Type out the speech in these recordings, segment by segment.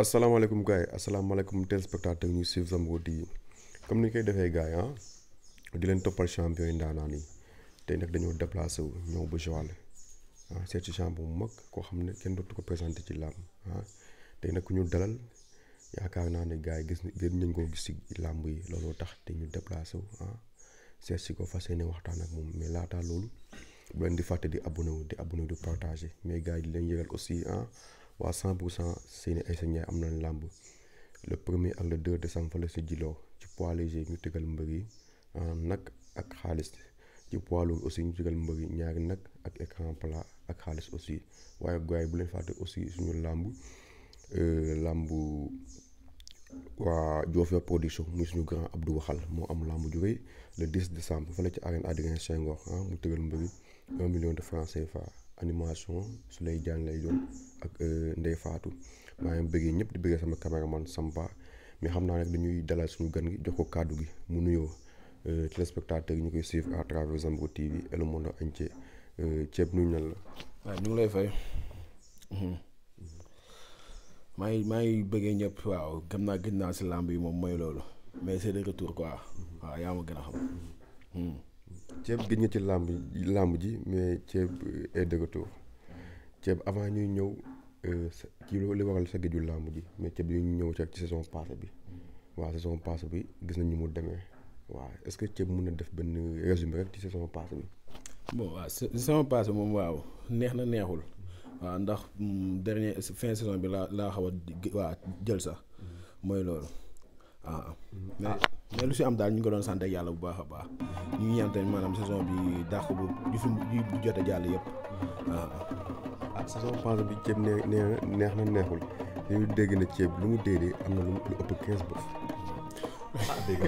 asalaamaaleykum gars yi asalaamaaleykum téléspectateur ñu suivre Zambro TV comme ni ñu koy defee gars yi ah di leen toppal champion yi ndaanaan yi tey nag dañoo déplacé wu ñëw bu Joal ah seet ci champion bu mag koo xam ne kenn dootu ko présenté ci làmb ah tey nag ku ñu dalal yaakaar naa ne gars yi gis gën nañ koo gis ci làmb yi looloo tax te ñu déplacé wu ah seet si ko fas yéene waxtaan ak moom mais laataa loolu bu leen di fàtte di abonné wu di abonné wu di partag mais gars yi di leen yëgal waa cent pour cent Seyni Aïssa Ndiaye am nañ làmb le premier ak le 2 décembre fële si Djilor ci poids léger ñu tëgal mbër yi ah, nag ak xaalis ci poids aussi ñu tëgal mbër yi ñaari nag ak écran plat ak xaalis aussi waaye gars bu leen fàtte aussi suñu làmb euh, làmb waa Joofé production muy suñu grand Abdou Waxal moo am làmb ju rëy le 10 décembre fële ci arène Adrien Senghor ah, mu tëgal mbër yi million de francs CFA. animation su lay jaan lay doon ak euh, Ndeye faatu maa ngi bëggee ñëpp di bëggee sama caméraman Samba mais xam naa nag dañuy dalal suñu gan gi jox gi mu nuyoo euh, téléspectateurs yi ñu koy suivre à travers ceeb euh, nuyu nan la. waaw ñu ngi lay ngi maa ngi bëggee ñëpp waaw naa gën naa si làmb yi moom mooy loolu mais c'est de retour quoi waaw yaa ma gën a xam. ceeb gëj nga ci làmb làmb ji mais ceeb est euh, de retour ceeb avant ñuy ñëw ci euh, li waral sa géeju làmb ji mais ceeb dañuy ñëw ci saison passée bi waaw saison passée bi gis nañ ñu mu demee waaw est-ce que ceeb mën na def benn résumé rek ci saison passée bi. bon waaw saison passée moom waaw neex na neexul waaw ndax mm, dernier fin saison bi laa laa xaw a waa jël sax mooy loolu waaw. mais lu si am daal ñu ngi ko doon sant ak yàlla bu baax a baax ñu ngi ñaan tamit maanaam saison bi dàq bu ju fi ju jot a jàll yëpp waaw. Ah, ah, saison passée bi ceeb neex na neexul ñu dégg na ceeb lu mu dee dee am na lu ëpp 15 bopp. ah dégg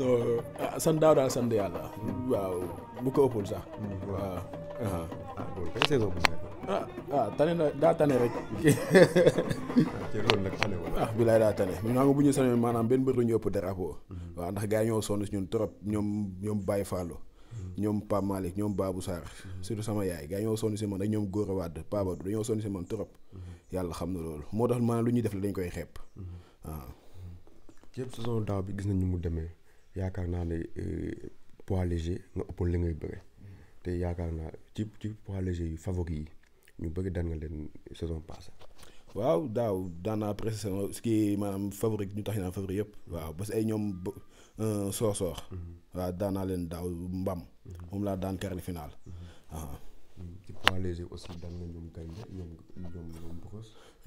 naa ah, daaw daal sant yàlla. waaw bu ko ëppul sax. Mm, waaw. ah loolu saison bu ah ah tane na daa tane rek. ah, ah bilaay daa xam ñoo nga bu ñu sañoon maanaam benn bët la ñu ëpp drapeau. waaw ndax gaa yi ñoo sonn si ñun trop ñoom ñoom Baye Fallou. ñoom Pape Malick ñoom baabu Sarr. surtout sama yaay gars yi ñoo sonn si man ak ñoom góor Gora Wade Pabadou dañoo sonn si man trop. yàlla xam na loolu moo tax maanaam lu ñuy def la dañ koy xeeb. waaw. yëpp saison daaw bi gis nañ ñu mu demee yaakaar naa ne euh, poids léger nga ëppoon li ngay bëre te yaakaar naa ci ci poids léger ñu bëgg daan nga leen saison passée. waaw daaw daan naa presque saison ce qui maanaam favori ñu tax ñu naan favori yëpp. waaw parce que ay ñoom euh, soosoox. Mhm. waaw daan daanaa leen daaw mbam. Mhm. moom laa daan quart de finale. Mhm. Ah. ci poids léger aussi daan na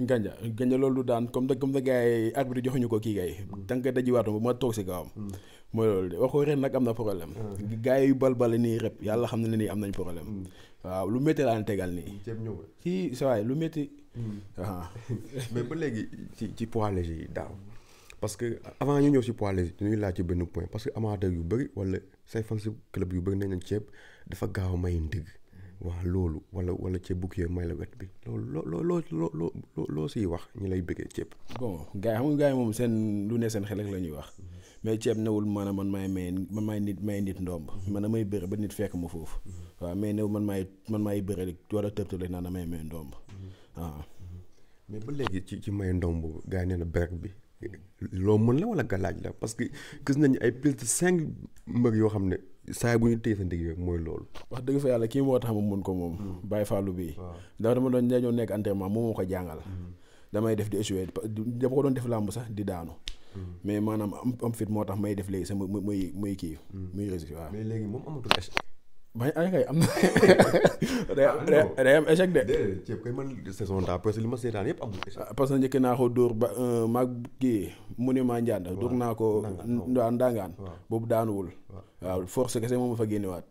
ganja ñoom ganja loolu daan comme da comme da gars yi arbitre joxuñu ko kii gars yi. tant que dajiwaatuma ma toog si gaawam. mooy loolu de waxoo ren nag am na problème. Ah. gars yi balbal nii rep yàlla xam ne nii am nañ problème. Mm. waaw lu métti laa tegal nii. ceeb ñëw ci sa waay lu métti. Mm. Ah. mais ba léegi ci ci poids léger yi daaw. parce que avant ñu ñëw si poids léger dañuy laaj ci benn point parce que amateur yu bëri wala say fan club yu bëri nañ leen ceeb dafa gaaw a may ndigg wax loolu wala wala ceeb bu kii may la wet bi loolu loo loo loo loo loo siy wax ñi lay bëggee ceeb. bon gars yi xam nga gars yi moom seen lu ne seen xel rek la ñuy wax mais ceeb newul maanaam man maay may man maay nit may nit ndomb man damay bëre ba nit fekk ma foofu waaw mais newul man maay man maay bëre rek wala tëb tëb rek naan damay may ndomb waaw. mais ba léegi ci ci may ndomb gars yi nee na berek bi. loo mën la wala galaaj la parce que gis nañu ay plus de cinq mbër yoo xam ne. saa bu ñu téye sa ndig mooy loolu. wax dëgg fa yàlla kii moo tax ma mun ko moom. Hmm. Baye Fallou bii. ndax dama doon ñoo nekk entraînement moom moo ko jàngal. Hmm. damay def di échoué dama ko doon def làmb sax di daanu. Hmm. mais maanaam am am fit moo tax may def léegi sama muy muy kii. muy résultat waaw mais léegi moom amatul bañ ay kay am na day daa parce que li yëpp amul. Ah, parce que njëkk naa ko dóor ba euh, maag kii monument njànd. waaw naa ko ndangaan boobu daanuwul. waaw force kese moom ma fa génnewaat.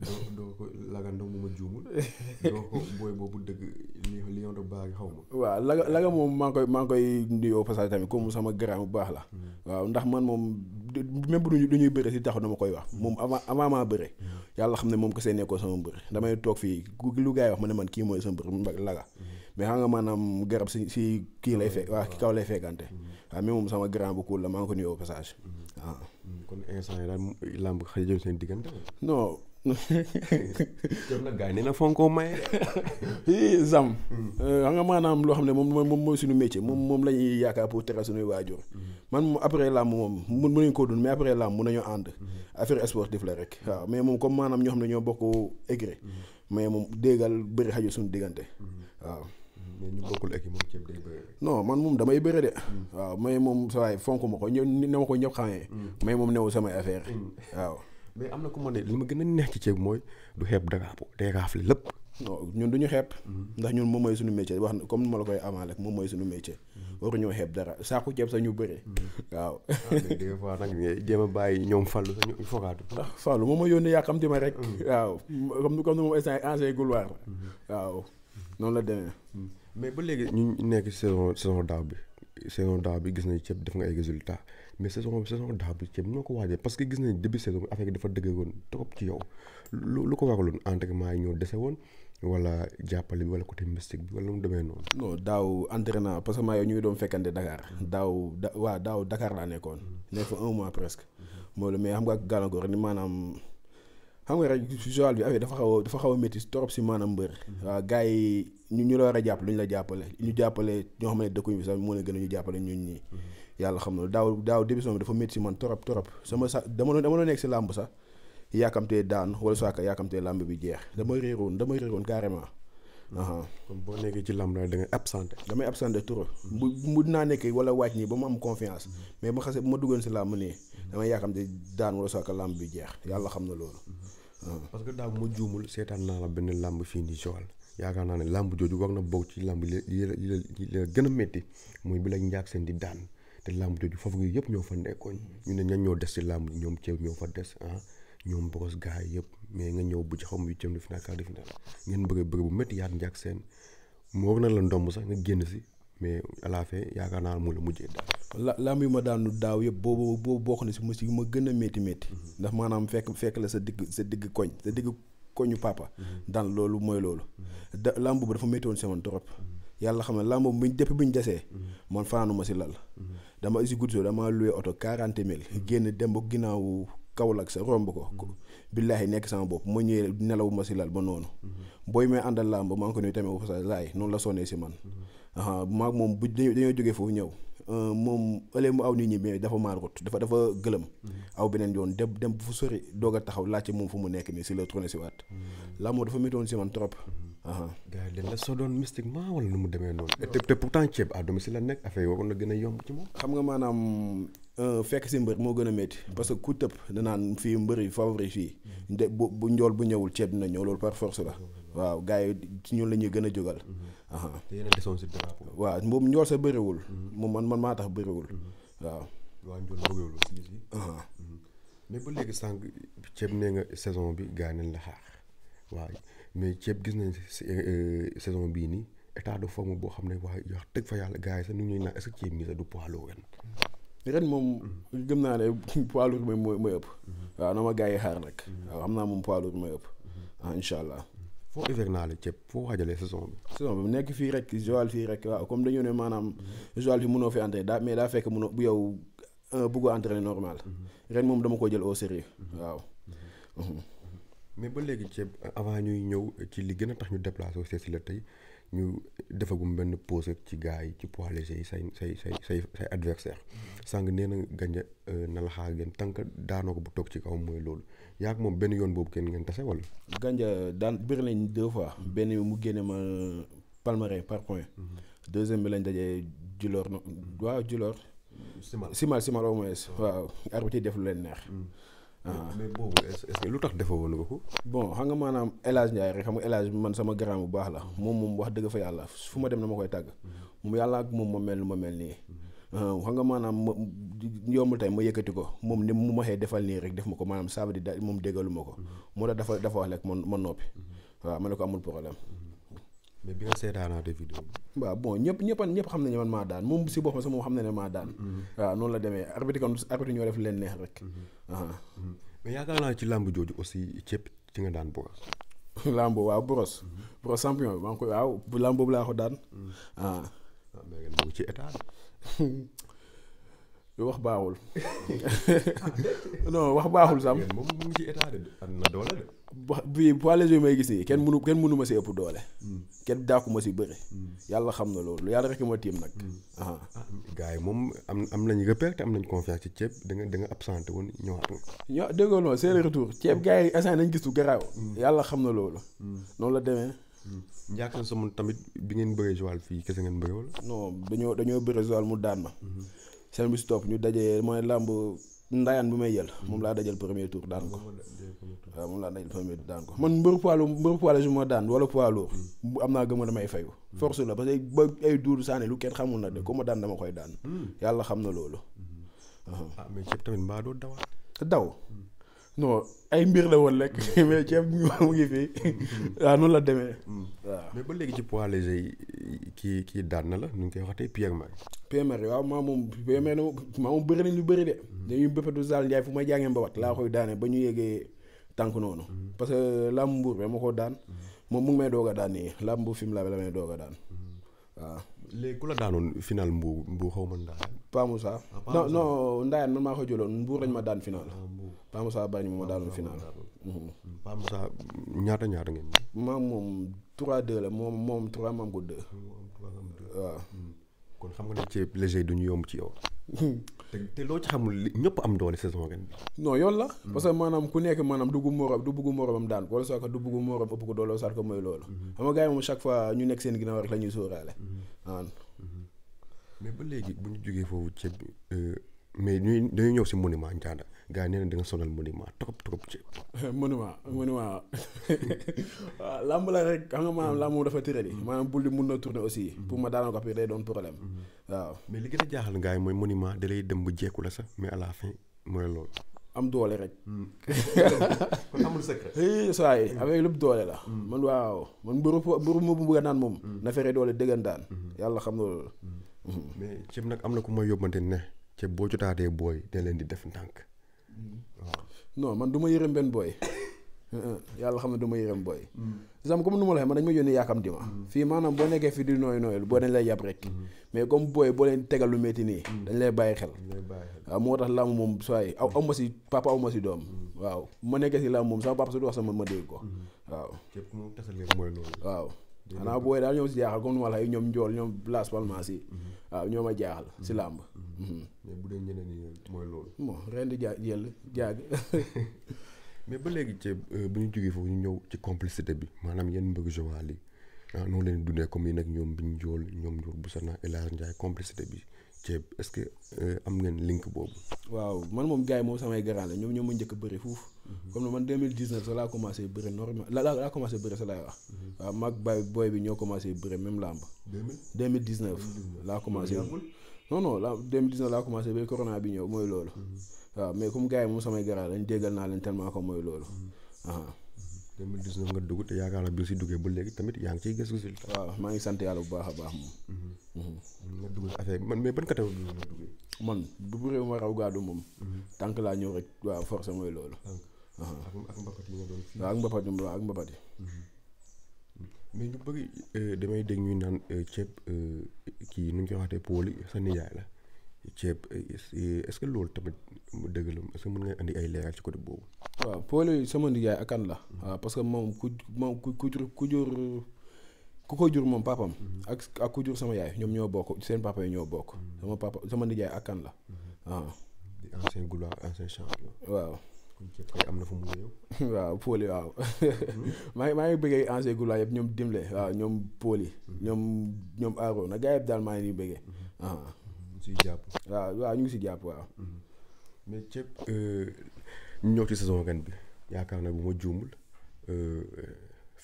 doo doo ko laga ndaw ma juumul doo ko booy boobu dëgg lion de baagi xaw ma waaw laga laga moom maa ngi koy maa ngi koy nuyoo passage tamit comme sama grand bu baax la mm-hmm. waaw ndax man moom même bu du ñuy bëre si taxu dama koy wax moom mm-hmm. avant avant maa mm-hmm. yàlla xam ne moom ko see nekkoo sama mbër damay toog fii ku lu gars ma ne man kii mooy sama mbër mu laga mais xam nga maanaam garab si si kii lay fekk waaw ki kaw lay fekkante waaw mais sama grand bu cool la maa ngi ko nuyoo passage waaw ah. kon instant yi daal làmb xëy jël seen diggante non kon nag gars na fonkoo maye. zam. Euh, xam nga maanaam loo xam ne moom moom mooy suñu métier moom moom la ñuy yaakaar pour teral suñuy waajur. man moom après làmb moom mun mënuñ koo dund mais mun nañoo ànd. affaire sportive la rek. mais moom comme maanaam ñoo xam ne bokk écurie. mais moom déggal bëri xaju suñu diggante. ñu bokkul ak moom ceeb day bëri. non man moom damay bëri de. waaw moom saa waay fonk ma ko ñëw ne ko ñëpp xamee. Mm. mais moom newul samay affaire mm. waaw. mais am na ko ma ne li ma gën a neex ci ceeb mooy du xeeb dagaabu day raafle lépp. non ñun du ñu xeeb. Mm-hmm. ndax ñun moom mooy suñu métier wax na comme nu ma la koy amal rek moom mooy suñu métier. Mm-hmm. waruñoo xeeb dara saako ceeb sax ñu bëre. Mm-hmm. waaw. Ah, des nag jéem a bàyyi ñoom Fallou sax ñu fogaatu. ah Fallou moom ma yónnee yaa xam ma rek. waaw comme comme ni moom instant ancien gulwaar waaw noonu la demee. mais ba léegi ñu nekk saison saison daaw bi saison daaw bi gis nañu ceeb def nga ay résultats. mais saison saison daaw bi ceeb noo ko waajee parce que gis nañ début saison bi affaire yi dafa dëgëroon trop ci yow lu lu ko waraloon entraînement yi ñoo dese woon wala jàppale bi wala côté mystique bi wala mu demee noonu. non daaw entraînement parce que maa yow ñu ngi doon fekkante Dakar daaw da waaw daaw Dakar laa nekkoon nekk fa un mois presque moo la mais xam nga gàllankoor ni maanaam. xam nga rek joal bi affaire dafa xaw a dafa xaw a métti trop si maanaam mbër waaw gars yi ñu ñu la war a jàppale lu ñu la jàppale ñu jàppale ñoo xam ne dëkkuñu bi sax moo la gën a ñu jàppale ñun ñii yàlla xam na daaw daaw démission bi dafa métti man torop torop sama sa dama dama doon nekk si làmb sax yàkkamtee daan wala saaka yàkkamtee làmb bi jeex dama réeroon dama réeroon carrément kon boo nekkee ci làmb da ngay absenté damay absenté trop bu mu dinaa nekk wala wàcc nii ba mu am confiance mais ma xasee ma duggoon si làmb nii damay yàkkamte daan wala saaka làmb bi jeex yàlla xam na loolu parce que daaw ma juumul seetaan naa la benn làmb fii nii Joal yaakaar naa ne làmb jooju war na bokk ci làmb yi la yi la gën a métti mooy bi la njaag seen di daan làmb te làmb jooju favori yëpp ñoo fa nekkoon ñu ne ñan ñoo des ci làmb ñoom ceeb ñoo fa des ah ñoom boros gaay yëpp mais nga ñëw bu ci xaw ma huitième de finale quart de ngeen bëre bëre bu métti yaat njaag seen mu war na la ndomb sax nga génn si mais à la fin yaakaar naa mu la mujjee daal. làmb yi ma daanu daaw yëpp boobu boo bokk na si mos yi ma gën a métti métti. Mhm. ndax maanaam fekk fekk la sa digg sa digg koñ sa digg koñu papa. Mhm. daal loolu mooy loolu. Mhm. da làmb boobu dafa métti woon si man yàlla xam ne bu moom buñ bu ñu desee mhm. man fanaanuma si lal mhm. dama si guddi dama loué oto quarante mille génn dem ba ginnaawu Kaolack sa romb ko mhm. billaahi nekk sama bopp ma ñëwee nelaw ma si lal ba noonu booy may àndal làmb maa ngi ko nuyu tamit au passage laay noonu la sonnee si man maa moom bu dañoo jógee foofu ñëw euh, moom ëllëg mu aw nit ñi mais dafa maarut dafa dafa gëlëm aw beneen yoon dem dem fu sori doog a taxaw laajte moom fu mu nekk nii si la tourné si waat laa moo dafa méttoon trop Uh-huh. gars yi dañ soo doon mystiquement wala nu mu demee noonu. te te pourtant ceeb à domicile la nekk affaire yi waroon na gën a yomb ci moom. xam nga maanaam euh, fekk si mbër moo gën a metti mm-hmm. parce que ku tëb danaan fii mbër yi favori fii mm-hmm. de bu bu njool bu ñëwul ceeb dina ñëw loolu par force la mm-hmm. waaw gars yi ci ñun la ñuy gën a jógal. Uh-huh. te yéen a desoon si drapeau. waaw moom njool sa bëriwul. moom man man maa tax bëriwul. waaw. waaw uh-huh. mais ba léegi sànq ceeb nee nga saison bi gaa nañ la xaar waaw. mais ceeb gis nañ saison bii nii état de forme boo xam ne wax wax fa yàlla gars yi sax nu ñuy est-ce que ceeb du poids ren. ren moom gëm naa ne poids lourd bi mooy ëpp. waaw na ma gars xaar nag. waaw xam naa moom poids ëpp. ah incha allah. foo hivernale ceeb saison bi. saison bi nekk fii rek Joal fii rek waaw comme dañu ne maanaam. Joal fi munoo fi entraîné daa mais daa fekk munoo bu yow bëgg a normal. ren moom dama ko jël au sérieux waaw. mais ba léegi ceeb avant ñuy ñëw ci li gën a tax ñu déplacé wu si la tey ñu defagum benn pause ci gars yi ci poids léger yi say say say say say adversaire sàng nee na gànja euh, na la ngeen tànk daanoo ko bu toog ci kaw mooy loolu yaa moom benn yoon boobu kenn ngeen tase wala. gànja daan bëri nañ deux fois benn mu génne ma palmarin par point. Mm-hmm. deuxième bi lañ dajee Djilor waaw Djilor. Simal Simal Simal au moins waaw arbitre def lu leen neex. Mm. Ah. mais boobu lu tax defoo woon ko. bon xam nga maanaam El Hadj rek xam nga El bi man sama grand bu baax la moom moom wax dëgg fa yàlla fu ma dem na ma koy tàgg. Mm-hmm. moom yàlla ak moom ma mel nu ma mel nii. Mm-hmm. Ah, xam nga maanaam ma yombul tey ma yëkkati ko moom ni mu ma xee defal nii rek def ma ko maanaam ça di dire moom déggaluma ko. Mm-hmm. moo tax dafa dafa wax rek man ma noppi. waaw ma ne ko amul problème. mais bi nga seetaanaatee vidéo bi. bon ñëpp ñëpp ñëpp xam nañu man maa daan moom si boppam sax moom xam na ne maa daan. Mm-hmm. waaw noonu la demee arbitre kon arbitre ñoo def leen neex rek. Mm-hmm. Mm-hmm. mais yaakaar naa ci làmb jooju aussi cëpp ci nga daan boros. làmb waaw boros. boros champion bi maa ngi koy waaw làmb boobu laa ko daan. ah. waaw ah, ci état wax baaxul. non wax baaxul sam moom ci état na doole bii poids léger yi may gis nii kenn mënu kenn mënu ma si ëpp doole. Mm. kenn daaku ma si bëri. Mm. yàlla xam na loolu yàlla rek ma tiim nag. Mm. gars yi moom am am nañ repère te am nañ confiance ci ceeb da nga da nga absenté woon ñëwaat nga. ñoo déggoo noonu seen retour ceeb gars yi instant nañ gis lu garaaw. yàlla xam na loolu. noonu la demee. Ndiakhate sama tamit bi ngeen bëree Joal fii kese ngeen bëree wala. non dañoo dañoo bëree Joal mu daan ma. Mm-hmm. seen bis topp ñu dajee mooy làmb. ndayaan bi may jël moom laa dajal premier tour daan ko waaw moom laa dajal premier tour daan ko man mbëru poids lourd mbëru poids ma daan wala poids lourd am naa gëm a damay fayu hmm. force la parce que ba ay duur saane lu kenn xamul na de ku ma daan dama koy daan hmm. yàlla xam na loolu hmm. ah mais tamit mbaa daw non ay mbir la woon rek mm. mais ceeb mu ngi fii mm. waaw noonu la demee. Mm. waaw mais ba léegi ci poids léger yi kii kii daan na la nu ngi koy wax tey Pierre Maye. Pierre Maye waaw lu bëri de. dañuy bëfatu Zal Ndiaye fu may jàngee mbabat laa daane ba ñu yeggee tànk noonu. parce que làmb mbuur bi ma ko daan. moom mu ngi may doog a daan nii làmb mbuur fi mu la may doog a daan waaw. léegi ku la daanoon final mbuur mbuur xaw ma Ndayane. Ah, pa Moussa non non Ndayane man maa ko jëloon mbuur lañ ma daan final. Ah, Paa Moussa Bañ moo daanu final. Mhm. Paa Moussa ñaata ñaata ngeen. maam moom 3-2 moom moom 3 maam ko hmm. xam nga ne ceeb léger du ñu yomb ci yow. Hmm. te loo ci xamul ñëpp am doole saison ren bi. yoon la. Hmm. parce que maanaam ku nekk maanaam du bugg morom du bugg moromam daan ko wala soit du bugg morom ëpp ko doole soit ko mooy loolu. xam nga gars yi moom chaque fois ñu nekk seen ginnaaw rek la ñuy mais ba léegi bu ñu jógee foofu ceeb euh, mais ñuy dañuy ñëw si monument Ndianda. gars yi nee na da nga sonal monument trop trop ci. monument monument waaw làmb la rek xam nga maanaam làmb moom dafa tëral yi maanaam bul di mun na tourner aussi. Mm-hmm. pour ma daanoo day doon problème mm-hmm. mais li a jaaxal gars yi mooy monument da lay dem bu la sax mais à la fin mooy loolu. am doole rek. Mm. kon amul secret. Mm-hmm. avec lépp doole la. man waaw man mbëru mbëru mu bëgg naan moom. na fexe doole dëggantaan. yàlla xam loolu. mais ceeb nag am na ku may yóbbante ne ceeb boo jotaatee booy da leen di def ndànk. non man du ma yërëm benn booy. yàlla xam ne du ma yërëm booy. sam mm. comme nu ma la waxee man dañ ma yónni yaakamti ma. Mm. fii maanaam boo nekkee fii di nooy nooyul boo dañ lay yab rek. Mm. mais comme booy boo leen tegal lu métti nii. dañ lay bàyyi xel. waaw moo tax làmb moom saa yi aw aw ma si papa aw ma si doom. waaw ma nekkee si làmb moom sama papa su du wax sama ma dégg ko. waaw. képp waaw. An apou edan yon si diakal kon nou alay yon nyom mhm. mhm. mhm. bon, euh, njol, nyon plasman man se, yon nyoma diakal, se lamba. Mwen bude njenen yon mwen lor. Mwen, rende diak, diak. Mwen bele ki te, mwen yon tukifo yon nyon ti komplicite bi, manan mwen yon mbeke jow alay, an nou deni dounen kon mwen ek nyon binjol, nyon nyon, bousa nan elan jan yon komplicite bi. ceeb est-ce que euh, am ngeen link boobu. waaw man moom gars yi moom samay garant la ñoom ñoo ma njëkk bëri foofu. Mhm. comme ne man 2019 sa laa commencé bëri normal la la laa commencé bëri sa laay wax. Mhm. waaw maag bay booy bi ñoo commencé bëri même laa commencé. non non la 2019 laa commencé ba corona bi ñëw mooy loolu. Mhm. waaw mais comme gars yi moom samay garant lañ déggal naa leen tellement que mooy loolu. Ah. 2019 nga dugg te yaakaar naa bi si duggee bu léegi tamit yaa ngi ciy gis résultat. waaw maa ngi sant yàlla bu baax a baax moom. Mm-hmm. Mm-hmm. Mm-hmm. nga man mais ban côté bi man bu réew ma raw gaadu moom. tànk laa ñëw rek waaw force mooy loolu. Uh-huh. ak ak mbapat yi waaw ak mbapat yi ak mbapat yi. mais ñu bëgg euh, damay dégg ñu naan euh, ceeb euh, kii nu ñu koy waxatee pool yi sa nijaay la ceeb est-ce loolu tamit mu dëgg la est-ce que mën nga ay leeral ci côté boobu. waaw Paule yi sama ak kan la. waaw ah, que moom ku moom ku ku jur moom papam mm-hmm. ak sama yaay ñoom ñoo bokk seen papa yi ñoo bokk. Mm-hmm. sama papa sama nijaay ak kan la waaw. Mm-hmm. Ah. di ancien am na fu maa ngi maa ngi bëggee ancien gloire yëpp ñoom Dimle waaw ñoom Paule yi. ñoom ñoom Aro na gaa yëpp daal maa ngi leen bëggee. Ah. jàpp. waaw waaw ñu ngi si jàpp waaw. ñu ñëw ci saison ren bi yaakaar na bu ma juumul euh,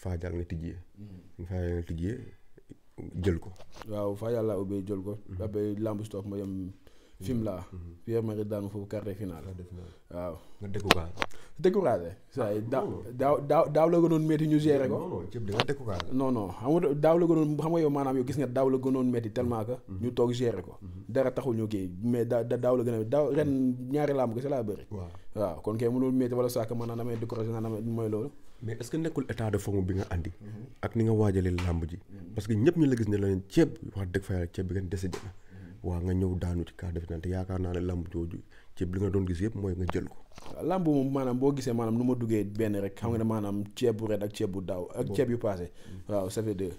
Fadial nga tijjee. Mm. Fadial nga tijjee jël ko. waaw Fadial laa ubbee jël ko. Mm-hmm. après lamb ma yem. Fimela. Mm-hmm. Pierre Marie daanu foofu quart de waaw découragé. ah daaw daaw daaw la gënoon métti ñu gérer ko. nga daaw la gënoon xam nga maanaam yow gis nga daaw la gënoon métti tellement que. Mhm. ñu toog gérer ko. Mhm. dara taxul ñu kii mais da daaw la gën a daaw ren ñaari làmb kese laa bëri. waaw kon kay mënul métti wala saaka maanaam damay découragé naa damay mooy loolu. mais est-ce que nekkul état de bi nga andi. Mhm. ak ni nga waajalee làmb ji. parce que ñëpp ñu la gis ne la leen ceeb wax dëgg fa yàlla ceeb bi ngeen décidé na. waa yaakaar naa ne ceeb li nga doon gis yëpp mooy nga jël ko. waaw làmb moom maanaam boo gisee maanaam nu ma duggee benn rek xam nga ne maanaam ceeb bu ren ak ceeb bu daaw ak ceeb yu paase. Mm. waaw ça fait